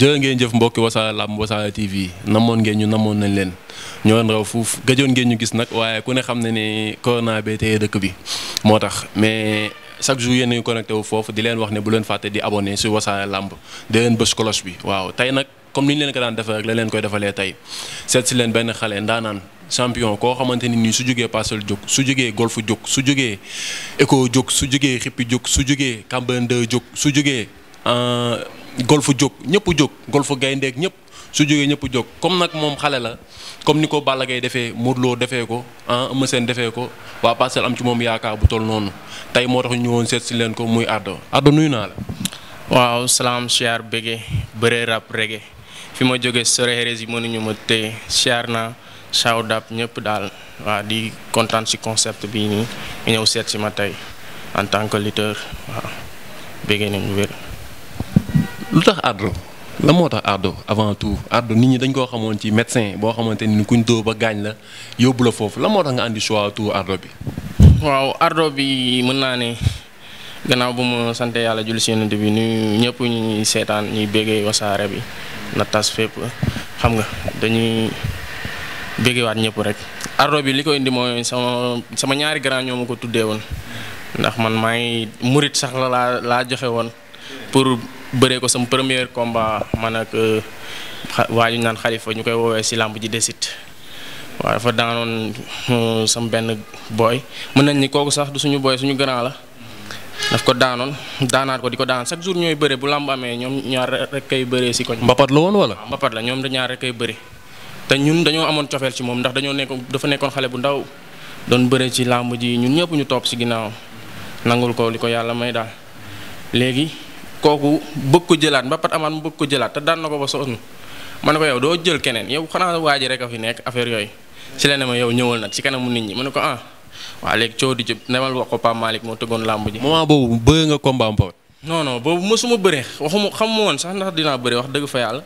jërë ngeen jëf mbokki wasaare làmb wasaare TV namoon ngeen ñu namoon nañ leen ñoo leen raw fuuf gëjoon ngeen ñu gis nag waaye ku ne xam ne ni corona bee teye dëkk bi moo tax mais chaque jour yéen a ngi wu foofu di leen wax ne bu leen fàtte di abonné si wasaare làmb di leen bës cloche bi waaw tey nag comme ni ñu leen ko daan defee rek la leen koy defalee tey seet si leen benn xale ndaanaan champion koo xamante ni nii su jógee Parcelles jóg su jógee Golf jóg su jógee Eco jóg su jógee Xippi jóg su jógee Cambérène 2 jóg su jógee euh, golfu jóg ñëpp jóg golfu gayndeeg ñëpp su jógee ñëpp jóg comme nag moom xale la comme ni ko Balla Gaye defee Modou defee ko ah Eumeu Sène defee ko waa Parcelles am ci moom yaakaar bu toll noonu tey moo tax ñu woon seet si leen ko muy Ardo Ardo naa la. waaw salaam siyaar bége bëree rege fi ma jógee soreeres yi mënuñu ma téye siyaar naa saw dap ñëpp daal waaw di kontaan si concept bii nii ñëw seet si ma tey en tant que lutteur waaw bége nañu wér. lu tax ardo la moo tax ardo avant tout ardo nit ñi dañ koo xamoon ci médecin boo xamante ni kuñ dóor ba gaañ la yóbbu la foofu la moo tax nga andi choix tout ardo bi. waaw ardo bi mën naa ne gannaaw bu ma sant yàlla julli si yonent bi ñu ñëpp ñuy seetaan ñuy béggee wasaare bi na tas fépp xam nga dañuy béggewaat ñëpp rek. ardo bi li ko indi mooy sama sama ñaari grand ñoo ma ko tuddee woon ndax man maa ngi murit sax la laa laa joxe woon pour. bëree ko sama première combat man ak euh, waa ñu naan xalifa ñu koy woowee si làmb ji desit waaw dafa daanoon euh, sama benn booy mën nañ ni kooku sax du suñu booy suñu grand la daf ko daanoon daanaat ko di ko daan chaque jour ñooy bëre bu làmb amee ñoom ñaar rek kay bëree si koñ. mbapat la wala. mbapat la ñoom ñaar kay bëri te ñun dañoo amoon cofeel ci moom ndax dañoo nekkoon dafa nekkoon xale bu ndaw doon bëre ci làmb ji ñun ñëpp ñu topp ci ginnaaw nangul ko li ko yàlla may daal léegi. kooku bëgg ko jëlaat ba pat amaat mu bëgg ko jëlaat te daan na ko ba sonn ma ne ko yow doo jël keneen yow xanaa waa ji rek a fi nekk affaire yooyu ci la ne ma yow ñëwal nag nit ñi ma ne ko ah waa léegi coow di jub demal wax ko Pape Malick moo tëggoon làmb ji. moment boobu bëre nga combat Mbapat. non boobu mësuma bëre waxuma xamuma woon sax ndax dinaa bëre wax dëgg fa yàlla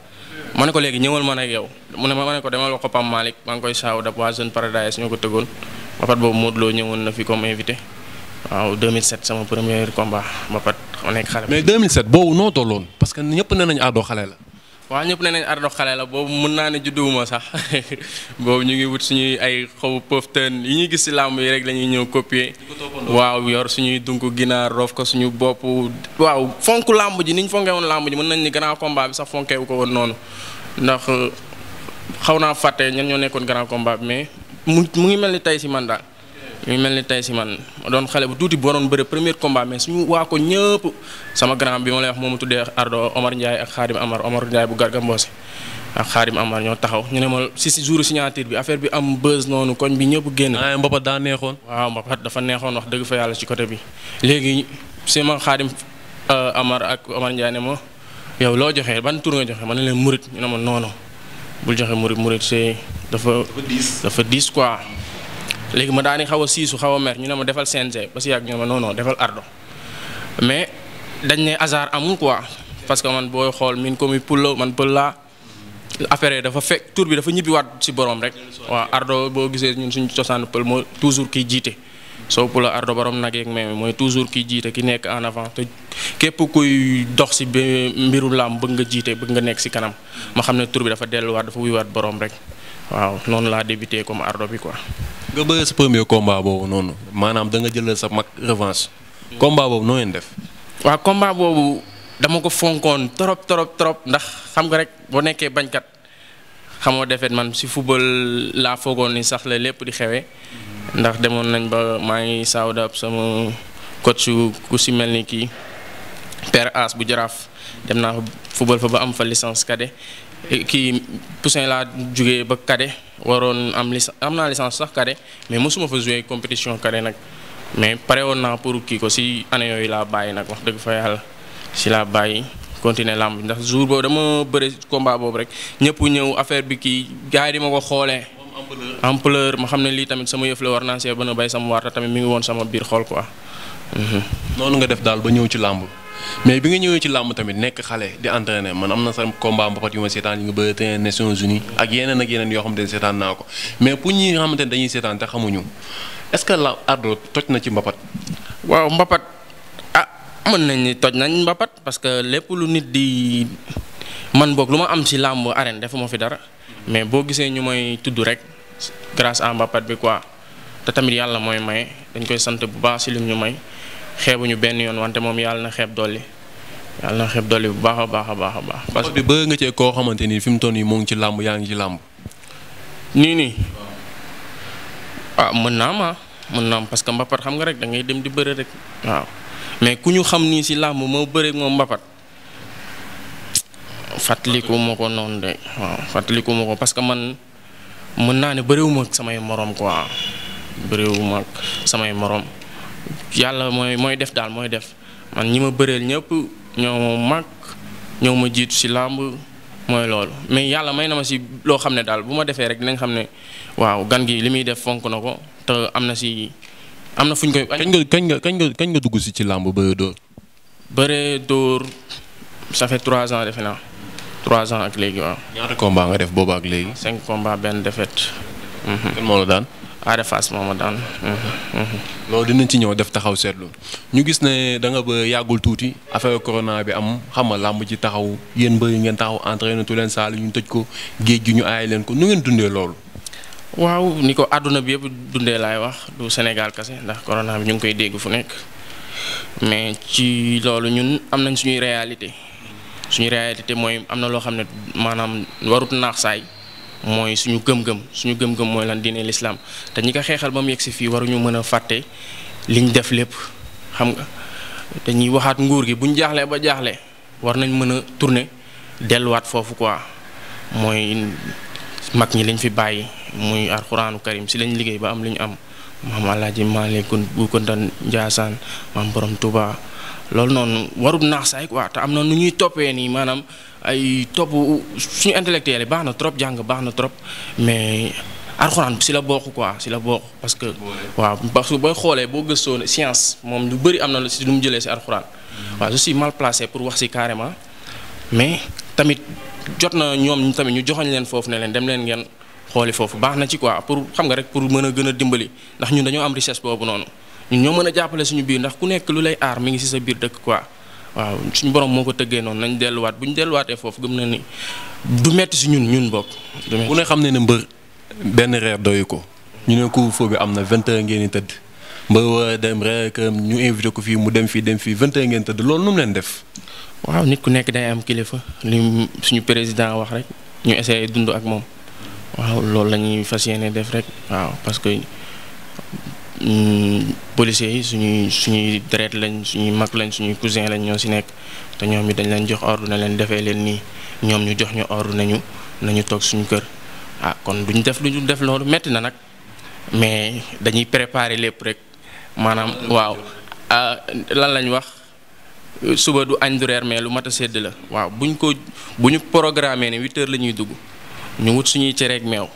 ma ne ko léegi ñëwal man ak yow mu ne ma ma ne ko demal wax ko Pape Malik maa koy saaw dab waa Jeune Paradise ñoo ko tëggoon Mbapat boobu Modou Lo ñëwoon na fi comme invité waaw 2007 sama premier combat mbapat ma nekk xale. mais 2007 boobu noo tolloon parce que ñëpp nee nañu Ardo xale la. waaw ñëpp nee nañu Ardo xale la boobu mën naa ne judduwuma sax boobu ñu ngi wut suñuy ay xaw pëftan yi ñuy gis si làmb yi rek la ñëw copier. waaw yor suñuy dunk ginaar roof ko suñu bopp. waaw fonk làmb ji ni ñu fonkee woon làmb ji mën nañ ni grand combat bi sax fonkee wu ko woon noonu ndax xaw naa fàtte ñan ñoo nekkoon grand combat bi mais mu mu ngi mel ni tey si man ñu mel ni tey si man ma doon xale bu tuuti bu waroon bëre premier combat mais suñu waa ko ñëpp sama grand bi ma lay wax moo ma tuddee Ardo Omar Ndiaye ak Khadim Amar Omar Ndiaye bu Garga Mbossé ak Khadim Amar ñoo taxaw ñu ne ma si si jour signature bi affaire bi am buzz noonu koñ bi ñëpp génn. ah mbapat daa neexoon. waaw mbapat dafa neexoon wax dëgg fa yàlla ci côté bi léegi ma Khadim euh, Amar ak Omar Ndiaye ne ma yow loo joxe ban tur nga joxe ma ne leen murit ñu ne ma noonu bul joxe murit murit c'est dafa. dafa diis quoi. léegi ma daani xaw a siisu xaw a mer ñu ne ma defal CNG ba si yàgg ñu ne ma non defal ardo mais dañ ne hasard amul quoi parce que man booy xool min ko mi pulla man pël laa affaire dafa fekk tur bi dafa ñibbiwaat si borom rek waaw ardo boo gisee ñun suñu cosaan pël moo toujours kiy jiite soo pula ardo borom nag yeeg mais mooy toujours kiy jiite ki nekk en avant te képp kuy dox si mbiru laam bëgg nga jiite bëgg nga nekk si kanam ma xam ne tur bi dafa delluwaat dafa wuywaat borom rek waaw noonu laa débuté comme ardo bi quoi. nga bëre sa premier komba boobu noonu maanaam da nga jëlal sa mag revanche. combat boobu noo leen def. waaw combat boobu dama ko fonkoon trop trop trop ndax xam nga rek boo nekkee bañkat xamoo defet man si football laa foogoon ni sax la lépp di xewee ndax demoon nañ ba maa ngi saawda ab sama coach ku si mel ni kii père As bu jaraaf dem naa football fa ba am fa licence cadet Eh, kii Poussin laa jugee ba cadet waroon am licence am naa licence sax cadet mais mosuma fa jouer compétition cadet nag mais pare woon naa pour kii ko si année yooyu laa bàyyi nag wax dëgg fa yàlla si laa bàyyi continuer làmb ndax jour boobu dama bëre combat boobu rek ñëpp ñëw affaire bi kii gars yi di ma ko xoolee. ampleur ma xam ne lii tamit sama yëf la war naa see bën a bay sama warta tamit mi ngi woon sama biir xool quoi. Mhm. noonu nga def daal ba ñëw ci làmbul mais bi nga ñëwee ci làmb tamit nekk xale di entraîné man am na sa combat mbapat yu ma seetaan yi nga bëri Nations Unies ak yeneen ak yeneen yoo xamante ne seetaan naa ko mais pour ñi nga dañuy seetaan te xamuñu est-ce que la Ardo toj na ci mbapat. waaw mbapat ah mën nañ ni toj nañ mbapat parce que lépp lu nit di man boog lu ma am ci làmb defu ma fi dara mais boo gisee ñu may tudd rek grâce à mbapat bi quoi te tamit yàlla mooy may dañ koy sant bu baax ci lim ñu xeebuñu benn yoon wante moom yàlla na xeeb dolli yàlla na xeeb dolli bu baax a baax a baax a baax. parce que bëgg nga cee koo xamante ni fi toll nii moo ngi ci làmb yaa ngi nii nii ah, mën naa ma ah. mën naa parce que mbapat xam nga rek da ngay dem di bëre rek mais ku ñu xam nii si làmb moo bëreek moom mbapat. fàttaliku ma ko noonu de waaw fàttaliku ma ko parce que man mën naa ne bëriwuma ak samay morom quoi bëriwuma ak samay moroom yàlla mooy mooy def daal mooy def man ñi ma bëreel ñëpp ñoo mag ñoo ma jiitu si làmb mooy loolu mais yàlla may na ma si loo xam ne daal bu ma defee rek nag xam ne waaw gan gi li muy def fonk na ko te am na si am na fuñ koy. kañ nga kañ nga kañ kañ nga dugg si ci làmb bëree dóor. bëree dóor ça fait trois ans defe naa trois ak léegi waaw. ñaata combat nga def boobu ak léegi. cinq combat benn défaite. kan moo la daan. Ada Fass ma daan. loolu dinañ ci ñëw def taxaw seetlu ñu gis ne da nga ba yàggul tuuti affaire corona bi am xam nga làmb ci taxaw yéen mbëri ngeen taxaw entraîné tu leen saal ñu tëj ko géej gi ñu aay leen ko nu ngeen dundee loolu. waaw ni ko àdduna bi yëpp dundee laay wax du Sénégal kese ndax corona bi ñu ngi koy dégg fu nekk mais ci loolu ñun am nañ suñuy réalité suñu réalité mooy am na loo xam ne maanaam warut naax saay mooy suñu gëm-gëm suñu gëm-gëm mooy lan dina lislaam te ñi ko xeexal ba mu yegg si fii waruñu mën a fàtte liñ def lépp xam nga dañuy waxaat nguur gi buñ jaaxlee ba jaaxlee war nañ mën a tourner delluwaat foofu quoi mooy mag ñi lañ fi bàyyi muy alxuraanu karim si lañ liggéey ba am li ñu am maam Alaaji Maalik Bukunta Njaasaan maam borom Tuubaa loolu noonu warul naax saay quoi te am na nu ñuy toppee nii maanaam ay topp suñu intellectuel yi baax na trop jàng baax na trop mais arxuraan si la bokk quoi si la bokk parce que. waaw parce que booy xoolee boo gëstoo science moom lu bëri am na si lu mu jëlee si arxuraan. waa je suis mal placé pour wax si carrément mais tamit jot na ñoom tamit ñu joxoñ leen foofu ne leen dem leen ngeen xooli foofu baax na ci quoi pour xam nga rek pour mën a gën a dimbali ndax ñun dañoo am richesse boobu noonu. ñu ñoo mën a jàppale suñu biir ndax ku nekk lu lay aar mi ngi ci sa biir dëkk quoi waaw suñu borom moo ko tëggee noonu nañ delluwaat bu ñu delluwaatee foofu gëm na ni du metti ci ñun ñun bokk. bu ne xam ne ne mbër benn reer doy ko ñu ne ko feu bi am na vingt heures ngeen tëdd mbër war a dem reer këram ñu invité ko fii mu dem fii dem fii vingt heures ngeen tëdd loolu nu mu leen def. waaw nit ku nekk day am kilifa li suñu président wax rek ñu essayé dund ak moom waaw loolu la ñuy fas yéene def rek waaw parce que. Mm, policiers yi suñuy suñuy deret lañ suñuy mag lañ suñuy cousin lañ ñoo ci nekk te ñoom it dañ leen jox ordre na leen defee leen nii ñoom ñu jox ñu ordre nañu nañu toog suñu kër ah kon duñ def luñu def loolu metti na nag mais dañuy préparer lépp rek maanaam waaw ah, lan lañ wax suba du añ du reer mais lu mat a sedd la waaw buñ ko bu ñu programmé ne huit heures la ñuy dugg ñu wut suñuy cereeg meew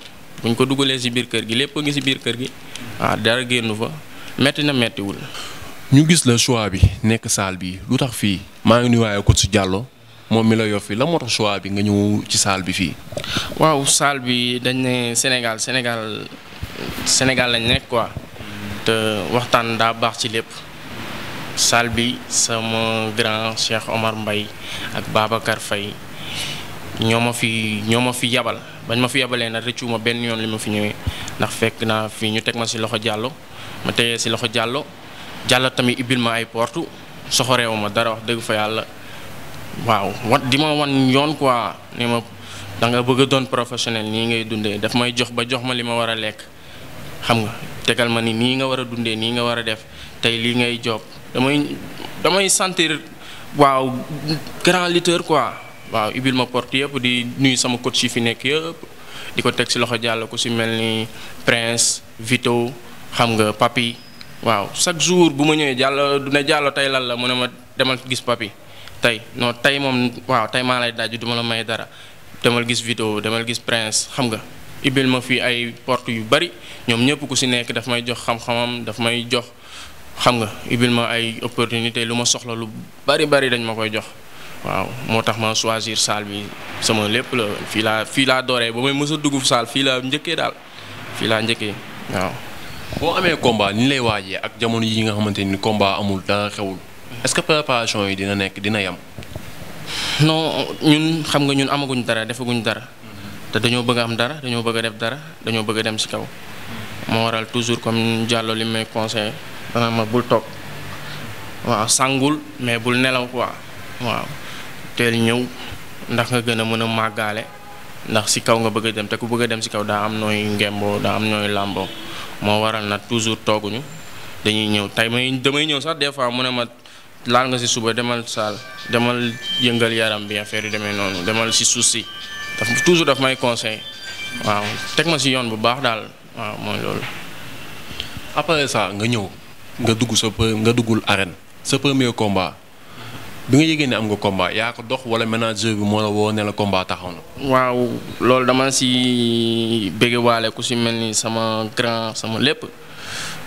buñ ko dugalee si biir kër gi lépp a ngi si biir kër gi waaw ah, dara génn fa metti na mettiwul. ñu gis la choix bi nekk saal bi lu tax fii maa ngi nuyuwaayoo ko si Diallo moom mi la yor fii la moo tax choix bi nga ñëw ci saal bi fii. waaw saal bi dañ ne Sénégal Sénégal Sénégal lañ nekk quoi te waxtaan daa baax ci lépp. saal bi sama grand Cheikh Omar mbay ak Babacar Faye ñoo ma fi ñoo ma fi yabal bañ ma fi yabalee nag rëccu ma benn yoon li ma fi ñëwee ndax fekk naa fi ñu teg ma si loxo jàllo ma tegee si loxo jàllo jàllo tamit ibbil ma ay porte soxoreewu ma dara wax dëgg fa yàlla waaw wan di ma wan yoon quoi ne ma da nga bëgg doon professionnel nii ngay dundee daf may jox ba jox ma li ma war a lekk xam nga tegal ma ni nii nga war a dundee nii nga war a def tey lii ngay joog damay damay sentir waaw grand lutteur quoi. waaw ubbil ma porte yëpp di nuyu sama coach yi fi nekk yëpp di ko teg si loxo jàll ku si mel nii Prince Vito xam nga papi waaw chaque jour bu ma ñëwee jàll du ne jàll tey lan la mu ne ma demal gis papi tey non tey moom waaw tey maa lay daj duma la may dara demal gis Vito demal gis Prince xam nga ubbil ma fii ay porte yu bari ñoom ñëpp ku si nekk daf may jox xam-xamam daf may jox xam nga ubbil ma ay opportunité lu ma soxla lu bari bari dañ ma koy jox waaw moo tax ma choisir salle bi sama lépp la fii laa fii laa dooree ba may mës a dugg fii laa njëkkee daal fii laa njëkkee waaw. boo amee combat ni lay waajee ak jamono yi nga xamante ni combat amul dara xewul est que préparation yi dina nekk dina yam. no ñun xam nga ñun amaguñ dara defaguñ dara mm-hmm. te dañoo bëgg a am dara dañoo bëgg a def dara dañoo bëgg a dem ci kaw moo waral toujours comme Diallo li may conseillé dana ma bul toog waaw sàngul mais bul nelaw quoi teel ñëw ndax nga gën a mën a màggaale ndax si kaw nga bëgg a dem te ku bëgg a dem si kaw daa am nooy ngemboo daa am nooy làmboo moo waral nag toujours tooguñu dañuy ñëw tey may damay ñëw sax des fois mu ne ma laal nga si suba demal saal demal yëngal yaram bi affaire yu demee noonu demal si suuf si daf toujours daf may conseil waaw teg ma si yoon bu baax daal waaw mooy loolu. après ça nga ñëw nga dugg sa nga duggul arène sa premier combat. bi nga yëgee ne am nga combat yaa ko dox wala manager bi moo la woo ne la combat taxaw waaw loolu dama ci bëgg waale ku si mel ni sama grand sama lépp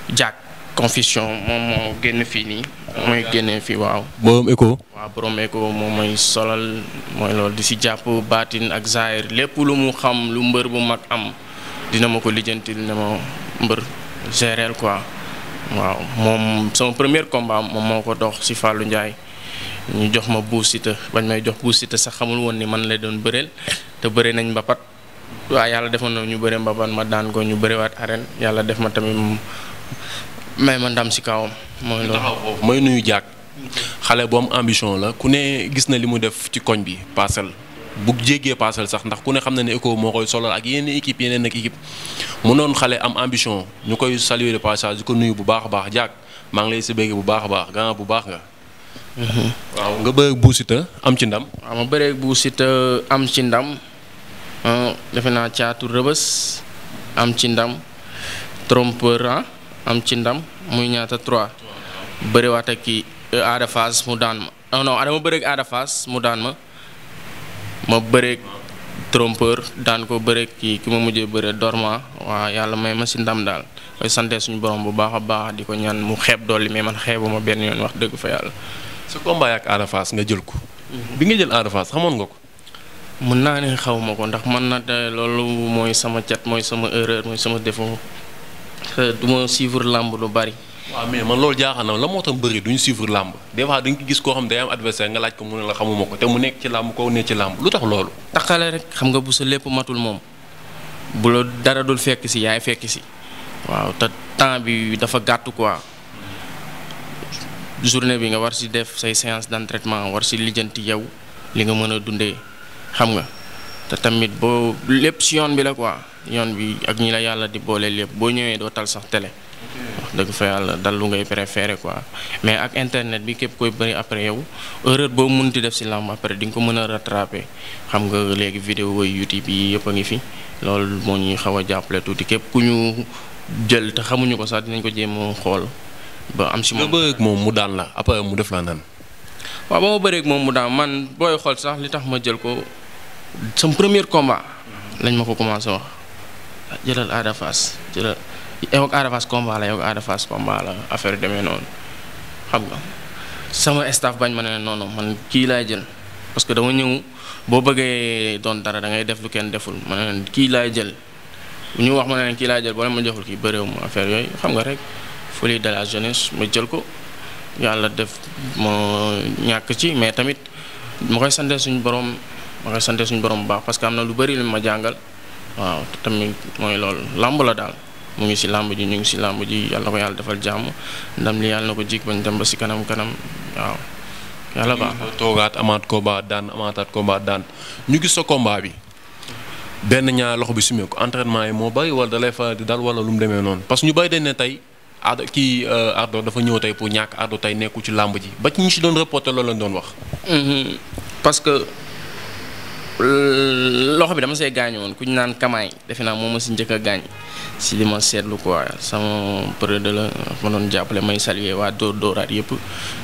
Jack Confusion moom moo génn fii nii. mooy génnee fii waaw. borom écho. waaw borom écho moom mooy solal mooy loolu di si jàpp baatin ak zaahir lépp lu mu xam lu mbër bu mag am dina ma ko lijjantil ne ma mbër géréel quoi waaw moom sama premier combat moom moo ko dox ci fàllu Ndiaye. ñu jox ma Bou Siteu bañ may jox Bou Siteu sax xamul woon ni man lay doon bëreel te bëri nañ mbapat waa yàlla defoon na ñu bëri mbapat ma daan ko ñu bëriwaat arène yàlla def ma tamit may ma ndam si kawam mooy nuyu jàkk xale bu am ambition la ku ne gis na li mu def ci koñ bi parcelle bu jéggee parcelle sax ndax ku ne xam na ne ECHO moo koy solal ak yenn équipe yeneen ak équipe mu noonu xale am ambition ñu koy saluer de passage ko nuyu bu baax a baax jàkk ngi lay si bu baax a baax gan bu baax nga waaw nga bëreeg Bou am ci ndam. waaw ma bëreeg Bou Siteu am ci ndam ah, defe naa caatu rëbës am ci ndam trompeur ah, am ci ndam muy ñaata trois bëriwaat ak kii euh, Ada mu daan ma ah, non Adama bëreeg Ada mu daan ma ma bëreeg trompeur daan ko bëreeg kii ki ma mujjee bëre dorma waaw yàlla may ma si ndam daal. koy sante suñu borom bu baax baax di ko ñaan mu xeeb dolli mais man ma benn yoon wax dëgg fa yàlla. sa combat ak Ada nga jël ko. bi nga jël Ada Fass xamoon nga ko. mën naa ne xaw ma ko ndax man na loolu mooy sama cat mooy sama erreur mooy sama défaut du ma suivre làmb lu bari. waaw mais man loolu jaaxal na la moo tax bëri duñu suivre làmb des fois dañ ko gis koo xam day am adversaire nga laaj ko mu ne la xamuma ko te mu nekk ci làmb koo ne ci làmb lu tax loolu. taxale rek xam nga bu sa lépp matul moom bu la dara dul fekk si yaay fekk si. waaw te temps bi dafa gàtt quoi. journée bi nga war si def say séance d'entraînement war si lijjanti yow li nga mën a dundee xam nga te tamit boo lépp si yoon bi la quoi yoon bi ak ñi la yàlla di booleel lépp boo ñëwee doo tal sax télé. wax dëgg fa yàlla dal lu ngay préféré quoi mais ak internet bi képp koy bëri après yow erreur boo munti def si làmb après di nga ko mën a rattrapé xam nga léegi vidéo yi YouTube yi yëpp a ngi fi loolu moo ñuy xaw a jàppale tuuti képp ku ñu jël te xamuñu ko sax dinañ ko jéem xool. ba am si moom nga moom mu daan la après mu def laa naan. waaw ba ma bëreeg moom mu daan man booy xool sax li tax ma jël ko sam première combat. lañ ma ko commencé wax jëlal Ada Fass jëlal yow la yow ak affaire demee noonu xam nga sama staff bañ ma ne noonu man kii laay jël parce que dama ñëw boo bëggee doon dara dangay ngay def lu kenn deful ma ne kii laay jël u ñu wax ma ne kii laay jël boo ma joxul kii bëreewu ma affaire yooyu xam nga rek. folie de la jeunesse ma jël ko yàlla def ma ñàkk ci mais tamit ma koy sante suñu borom ma koy sante suñu borom bu baax parce que am na lu bëri li ma jàngal waaw tamit mooy loolu làmb la daal mu ngi si làmb ji ñu ngi si làmb ji yàlla ko yàlla defal jàmm ndam yàlla na ko jig bañ dem ba si kanam kanam yàlla baax toogaat amaat combat daan amaataat combat daan ñu gis sa combat bi. benn ñaar loxo bi sumé ko entraînement yi moo bëri wala da lay di dal wala lu mu demee noonu parce ñu bëri dañ ne tey Ardo kii euh, Ardo dafa ñëw tey pour ñàkk Ardo tey nekku ci làmb ji ba ci ñu si doon reporté loolu lañ doon wax. Mm-hmm. parce que. loxo bi dama see gaañu woon ku ñu naan kamaay defe naa moom ma si njëkk a gaañ si li ma seetlu ko quoi sama përëd la ma doon jàppale may saluer waa Dóor Dóoraat yëpp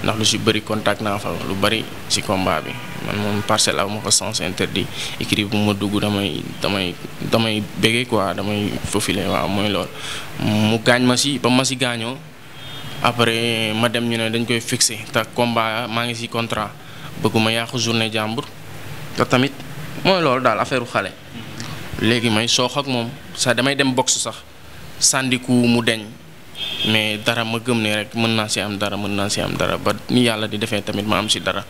ndax lu si bëri contact naa fa lu bëri si combat bi man moom parcelle aw ma ko sens interdit écrit bu ma dugg damay damay damay bége quoi damay fofile waaw mooy lool mu gaañ ma si ba ma si gaañoo après ma dem ñu ne dañ koy fixé te combat maa ngi si contrat bëgguma yàqu journée jàmbur te mooy loolu daal affaire xale. léegi may soox ak moom sax damay dem box sax sàndiku mu deñ mais dara ma gëm ne rek mën naa si am dara mën naa si am dara ba ni yàlla di defee tamit ma am si dara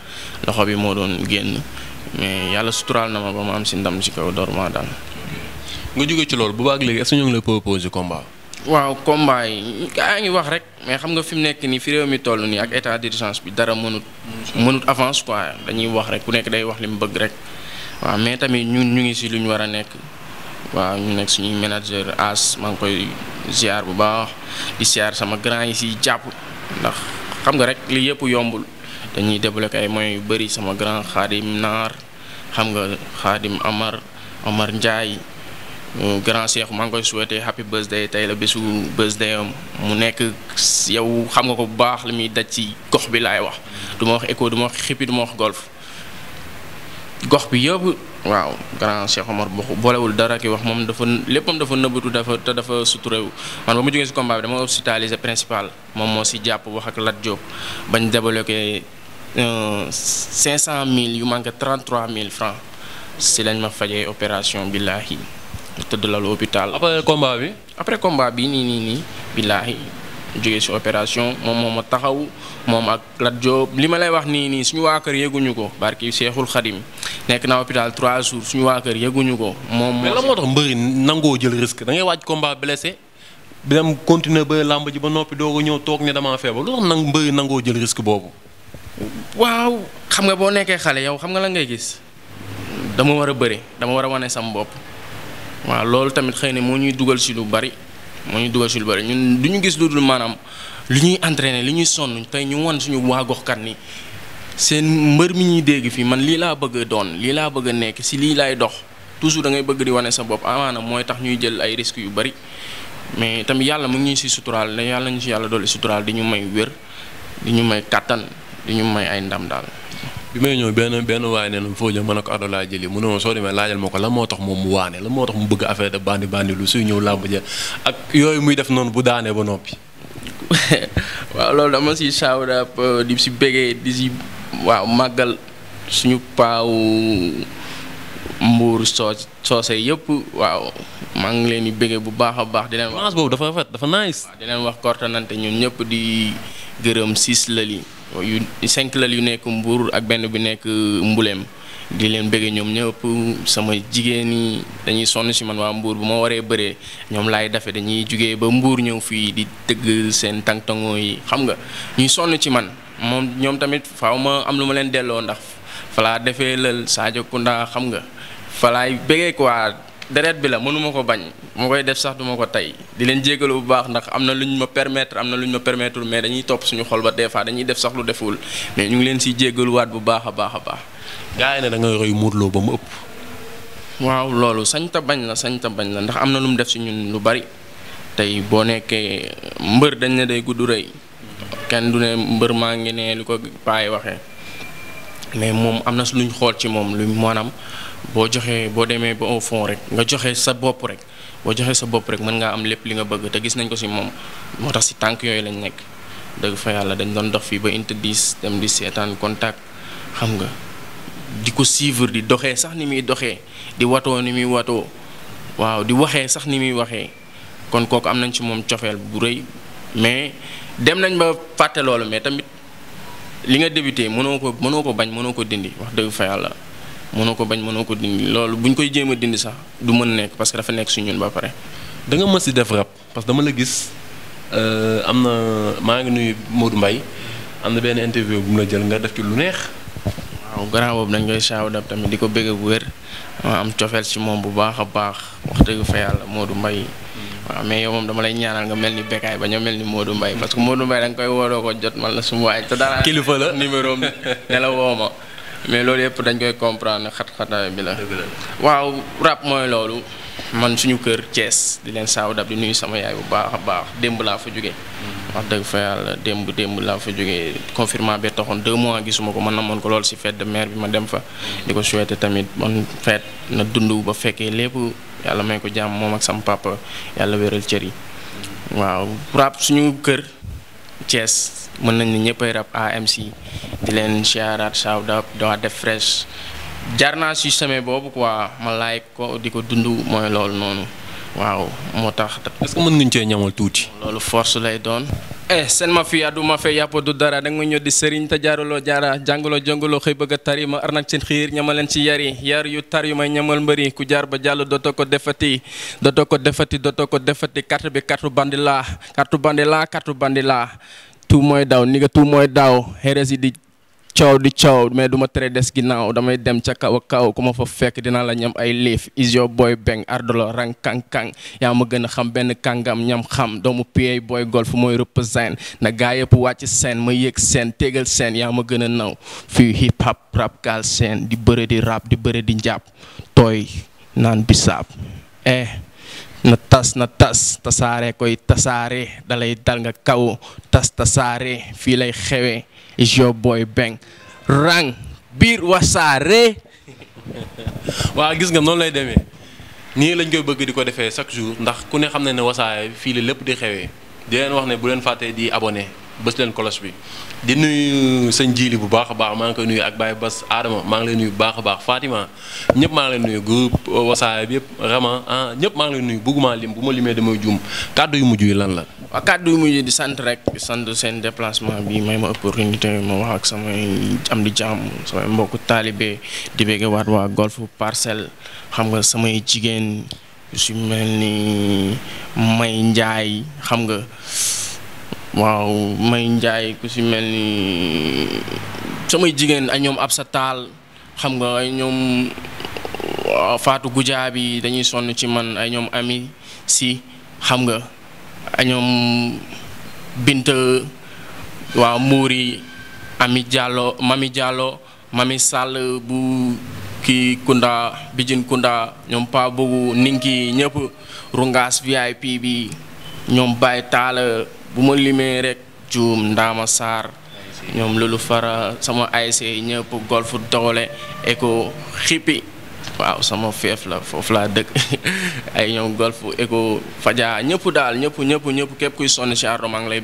loxo bi moo doon génn mais yàlla suturaal na ma ba ma am si ndam si kaw door maa daal. nga jóge ci loolu bu ak léegi est-ce que ñu ngi lay proposé combat. waaw combat yi gaa ngi wax rek mais xam nga fi mu nekk nii fi réew mi toll nii ak état d'urgence bi dara mënut. Mm. mënut avance quoi dañuy wax rek ku nekk day wax li mu bëgg rek. waaw mais tamit ñun ñu ngi si lu ñu war a nekk waaw ñu nekk suñuy manager as maa koy ziar bu baax di ziar sama grand yi si jàpp ndax xam nga rek li yëpp yombul dañuy débloqué ay moyens yu bëri sama grand xaadim naar xam nga xaadim Amar Amar Ndiaye euh, grand Cheikh maa ngi koy suwetee happy birthday tey la bésu birthday am mu nekk yow xam nga ko bu baax la muy daj ci gox bi laay wax du ma wax écho du ma xippi du ma wax golf gox bi yëpp waaw grand Cheikh Omar boo boolewul dara ki wax moom dafa léppam dafa nëbbatu dafa te dafa suturewu man ba mu jógee si combat bi dama hospitalisé principal moom moo si jàpp wax ak Lat Diop bañ euh, cent 500000 yu manqué mille francs si lañ ma fajee opération billaahi tëdd la l'hôpital. après combat bi. après combat bi nii nii nii billaahi. jógee ci opération moom moom a taxaw moom ak Lat Diop li ma lay wax nii nii suñu waa kër yëguñu ko barki Seexul mi nekk naa hôpital 3 jours suñu waa kër yëguñu ko. moom moo tax mbëri nangoo jël risque da ngay waaj combat blessé bi dem continuer ba làmb ji ba noppi doog a ñëw toog ne damaa feebar lu tax mbëri nangoo jël risque boobu. waaw xam nga boo nekkee xale yow xam nga la ngay gis dama war a bëri dama war a wane sama bopp waaw loolu tamit xëy na moo ñuy dugal ci lu bari. moo ñu dugal si lu bëri ñun du ñu gis lu dul maanaam li ñuy entraîné li ñuy sonn tey ñu wan suñu waa goxkat ni seen mbër mi ñuy dégg fii man lii laa bëgg a doon lii laa bëgg nekk si lii laay dox toujours da ngay bëgg di wane sa bopp amaana mooy tax ñuy jël ay risques yu bari mais itam yàlla mu ngi ñu si suturaal da yàlla ñu si yàlla doolu suturaal di ñu may wér di ñu may kàttan di ñu may ay ndam daal bi may ñëw benn benn waay ne foo jëm ma ko Ardo laa jëli mu ne ma soo demee laajal ma ko lan moo tax moom mu waane lan moo tax mu bëgg affaire de bandi bandi lu suy ñëw làmb ja ak yooyu muy def noonu bu daanee ba noppi. waaw loolu dama si shout up euh, di si bëggee di si waaw màggal suñu paaw mbuur soos soose yëpp waaw ngi leen di bëggee bu baax a baax di leen wax. boobu dafa rafet dafa nice. di leen wax kortanante ñun ñëpp di gërëm siis la lii. yu cinq lal yu nekk Mbour ak benn bi nekk Mbuleem di leen bëggee ñoom ñëpp sama jigéen ñi dañuy sonn si man waa mbuur bu ma waree bëree ñoom laay dafe dañuy jugee ba mbuur ñëw fii di tëgg seen tàng yi xam nga ñuy sonn ci man moom ñoom tamit faaw ma am lu ma leen delloo ndax falaa defee lël Sadio Kounda xam nga falaay bëggee quoi. deret bi la mënuma ko bañ moo koy def sax duma ko tey di leen jégalu bu baax ndax am na lu ñu ma permettre am na lu ñu ma permettre mais dañuy topp suñu xol ba des fois dañuy def sax lu deful mais ñu ngi leen siy jégaluwaat bu baax a baax a baax. gaa yi ne da ngay roy Modou ba mu ëpp. waaw loolu sañta bañ la sañta bañ la ndax am na lu mu def si ñun lu bari tey boo nekkee mbër dañ ne day gudd rey kenn du ne mbër maa ngi ne lu ko paay waxee. mais moom am na lu ñu xool ci moom lu maanaam boo joxee boo demee ba au fond rek nga joxe sa bopp rek boo joxee sa bopp rek mën ngaa am lépp li nga bëgg te gis nañ ko si moom moo tax si tànk yooyu lañ nekk dëgg fa yàlla dañ doon dox fii ba interdis dem di seetaan contact xam nga di ko suivre di doxee sax ni muy doxee di watoo ni muy watoo waaw di waxee sax ni muy waxee kon kooku am nañ ci moom cofeel bu rëy mais dem nañ ba fàtte loolu mais tamit. li nga débuté mënoo ko mënoo ko bañ mënoo ko dindi wax dëgg fa yàlla mënoo ko bañ mënoo ko dindi loolu bu ñu koy jéem a dindi sax du mën nekk parce que dafa nekk su ñun ba pare. da nga mës di def rap parce que dama la gis euh, am na maa ngi nuyu Modou mbay am na benn interview bu mu la jël nga def ci lu neex. waaw grand boobu dañ koy saaw dab tamit di ko bëgg bu wér am cofeel ci moom bu baax a baax wax dëgg fa yàlla Modou Mbaye waaw mais yow moom dama lay ñaanal nga mel ni Bécaye ba ñoo mel ni Modou Mbaye parce que Modou Mbaye da nga koy woodoo ko jot man la sumu waay te dara kilifa la numéro am ne la woo ma mais loolu yëpp dañ koy comprendre xat-xataay bi la waaw rap mooy loolu man suñu kër Thiès di leen saaw dab di nuyu sama yaay bu baax a baax démb laa fa jógee mm. wax dëgg fa yàlla démb démb laa fa jógee confinement bi taxoon deux mois gisuma ko man na moon ko lool si fête de mère bi ma dem fa mm. di ko souhaité tamit man fête na dund ba fekkee lépp yàlla may ko jàmm moom ak sama papa yàlla wéral cër yi waaw rap suñu kër cees mën nañ ne ñëppay rap AMC di leen siyaaraat shout out daa def fresh jar naa si semaine boobu quoi ma laay ko di ko dund mooy loolu noonu waaw moo tax. est-ce que mën nga ñu cee ñamal tuuti. loolu force lay doon. eh seen ma fi aduma fe yàpp du dara da nga ñëw di sëriñ te jaaruloo jaara jàngaloo jongaloo xëy bëgg a tari ma arnak seen xiir ñama leen ci yari yar yu tar yu may ñamal mbëri ku jaar ba jàll dootoo ko defati dootoo ko defati dootoo ko defati carte bi carte bandi laa carte bandi laa carte bandi laa tout mooy daw ni nga tout mooy daw hérésie di coow di coow mais du ma tere des ginnaaw damay dem ca kaw a kaw ku ma fa fekk dinaa la ñam ay liif isio booy beng ardolo rang kang kang yaa ma gën a xam benn kàngam ñam xam doomu piyey booy golf mooy represent na gaa yëpp wàcc seen ma yëg seen tégal seen yaam ma gën a naw fii hip hop rap gaal seen di bëre di rap di bëre di njàpp tooy naan bisaab eh na tas na tas tasaare koy tasaare dalay dal nga kaw tas tasaare fii lay xewe It's your boy Bang Rang biir wasaare. waa gis nga noonu lay demee nii lañ koy bëgg di ko defee chaque jour ndax ku ne xam na ne wasaare fii la lépp di xewee di leen wax ne bu leen fàttee di abonné. bës leen cloche bi di nuyu sëñ jiili bu baax a baax maa ngi koy nuyu ak Baye Bass Adama maa ngi lay nuyu baax a baax Fatima ñëpp maa ngi lay nuyu groupe wasaare bi yëpp vraiment ah ñëpp maa ngi lay nuyu bëgguma lim bu ma limee damay juum kàddu yu mujj yi lan la. waaw kàddu yu mujj di sant rek sant seen déplacement bi may ma opportunité ma wax ak samay am di jàmm samay mbokku taalibe di bëgg waat waa golf parcelle xam nga samay jigéen su mel ni May Njaay xam nga. waaw may njaay ku ci mel ni samay jigéen ay ñoom ab sa taal xam nga ay ñoom faatu gujaa bi dañuy sonn ci man ay ñoom ami si xam nga ay ñoom bint waaw muuri ami jàllo mami jàllo mami sàll bu kii kunda bijin kunda ñoom pa bëggu ninki ñëpp rungaas vip bi ñoom bàyyi taala bu ma limee rek juum Ndaama Sarr ñoom loolu fara sama ASC ñëpp golf doole eco xippi waaw sama feef la foofu laa dëkk ay ñoom golf eco faja ñëpp daal ñëpp ñëpp ñëpp képp kuy sonn si Ardo maa ngi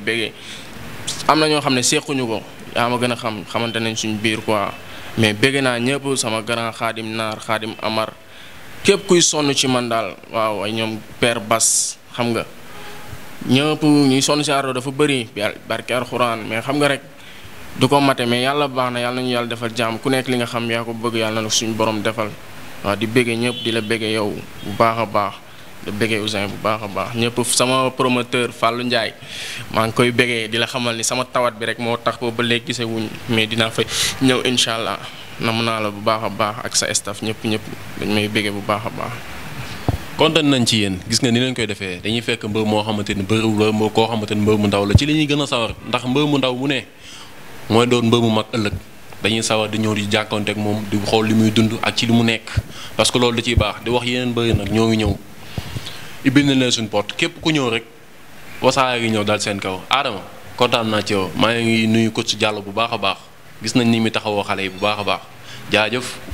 am na ñoo xam ne sequñu ko gën a xam xamante nañ suñ biir quoi mais bégg naa ñëpp sama grand xaadim naar xaadim Amar képp kuy sonn ci man daal waaw ay ñoom Père Bas xam nga ñëpp ñuy sonn si ardo dafa bëri barke alxuraan mais xam nga rek du ko mate mais yàlla baax na yàlla ñu yàlla defal jàmm ku nekk li nga xam yaa ko bëgg yàlla na suñu borom defal waa di bëggee ñëpp di la bëggee yow bu baax a baax di bëggee Ouzin bu baax a baax ñëpp sama promoteur Fallou Ndiaye maa ngi koy bëggee di la xamal ni sama tawat bi rek moo tax ba léegi gisee wuñ mais dinaa fa ñëw incha allah namm naa la bu baax a baax ak sa staff ñëpp ñëpp dañ may bëggee bu baax a kontaan nañ ci yéen gis nga ni leen koy defee dañuy fekk mbër moo xamante ni mbër la koo xamante ni mbër mu ndaw la ci li ñuy gën a sawar ndax mbër mu ndaw mu ne mooy doon mbër mu mag ëllëg dañuy sawar di ñëw di jàkkoonteek moom di xool li muy dund ak ci li mu nekk parce que loolu da ciy baax di wax yeneen mbër nag ñoo ngi ñëw ibbil na leen suñu porte képp ku ñëw rek wasaare gi ñëw daal seen kaw aadama kontaan naa ci yow maa ngi nuyu coach Diallo bu baax a baax gis nañ ni mi taxawoo xale yi bu baax a baax jaajëf